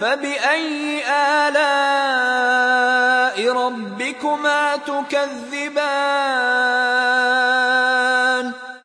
فَبِأَيِّ آلَاءِ رَبِّكُمَا تُكَذِّبَانِ